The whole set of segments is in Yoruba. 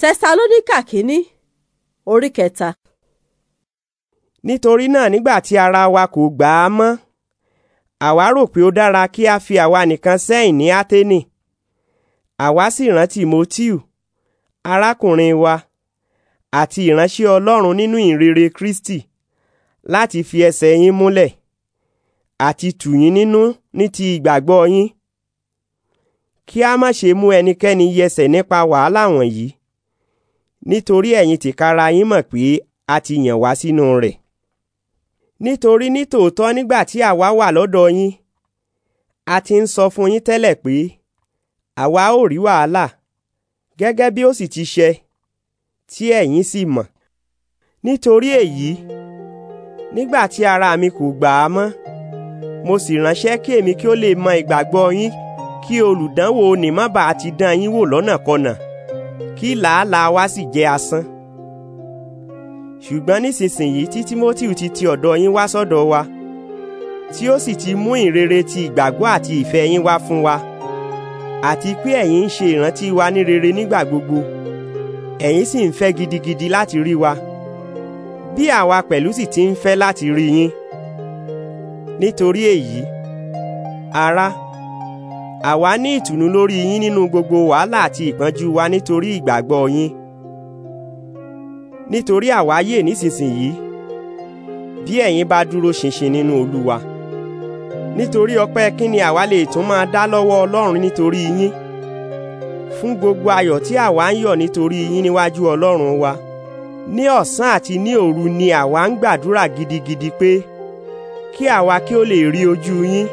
tẹsalóníkà kínní orí kẹta. nítorí náà nígbà tí ara wa kò gbà á mọ́ àwa rò pé ó dára kí a fi àwa nìkan sẹ́yìn ní áténì àwa sì rántí Tímótíù arákùnrin wa àti ìránṣẹ́ Ọlọ́run nínú ìrere Kristi láti fi ẹsẹ̀ yín múlẹ̀ àti tù yín nínú ní ti ìgbàgbọ́ yín kí a má ṣe mú ẹnikẹ́ni yẹsẹ̀ nípa wàhálà wọ̀nyí nítorí ẹ̀yin tìkára yín mọ̀ pé a ti yàn wá sínú rẹ̀ nítorí nítòótọ́ nígbà tí àwa wà lọ́dọ̀ yín a ti ń sọ fún yín tẹ́lẹ̀ pé àwa ò rí wàhálà gẹ́gẹ́ bí ó sì ti ṣe tí ẹ̀yin sì mọ̀ nítorí èyí nígbà tí ara mi kò gbà á mọ́ mo sì ránṣẹ́ kí èmi kí ó lè mọ ìgbàgbọ́ yín kí olùdánwò ní ti dán yín wò lọ́nàkọnà kí làálàá wa sì jẹ́ asán ṣùgbọ́n nísinsìnyí tí Tímótíù ti ti ọ̀dọ̀ yín wá sọ́dọ̀ wa tí ó sì ti mú ìrere ti ìgbàgbọ́ àti ìfẹ́ yín wá fún wa àti pé ẹ̀yin ń ṣe ìrántí wa ní rere nígbà gbogbo ẹ̀yin sì ń fẹ́ gidigidi láti rí wa bí àwa pẹ̀lú sì ti ń fẹ́ láti rí yín nítorí èyí ará àwa ní ìtùnú lórí yín nínú gbogbo wàhálà àti ìpọ́njú wa nítorí ìgbàgbọ́ yín nítorí àwa yè nísinsìnyí bí ẹ̀yin bá dúró ṣinṣin nínú Olúwa nítorí ọpẹ́ kí ni àwa lè tún máa dá lọ́wọ́ Ọlọ́run nítorí yín fún gbogbo ayọ̀ tí àwa ń yọ̀ nítorí yín níwájú Ọlọ́run wa ní ọ̀sán àti ní òru ni àwa ń gbàdúrà gidigidi pé kí àwa kí ó lè rí ojú yín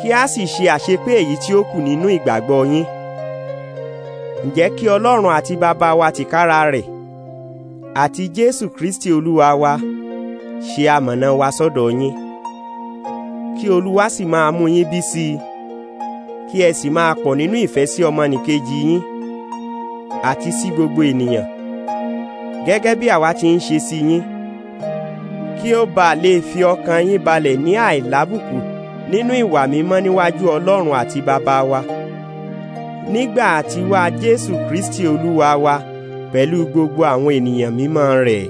kí a sì ṣe àṣepé èyí tí ó kù nínú ìgbàgbọ́ yín ǹjẹ́ kí ọlọ́run àti bàbá wa tìkára rẹ̀ àti jésù kristi olúwa wa ṣe amọ̀nà wa sọ́dọ̀ yín kí olúwa sì máa mú yín bí sí i kí ẹ sì máa pọ̀ nínú ìfẹ́ sí ọmọnìkejì yín àti sí gbogbo ènìyàn gẹ́gẹ́ bí àwa ti ń ṣe sí yín kí ó bàa lè fi ọkàn yín balẹ̀ ní àìlábùkù nínú ìwà mímọ́ níwájú Ọlọ́run àti Baba wa nígbà àtiwá Jésù Kristi Olúwa wa pẹ̀lú gbogbo àwọn ènìyàn mímọ́ rẹ̀.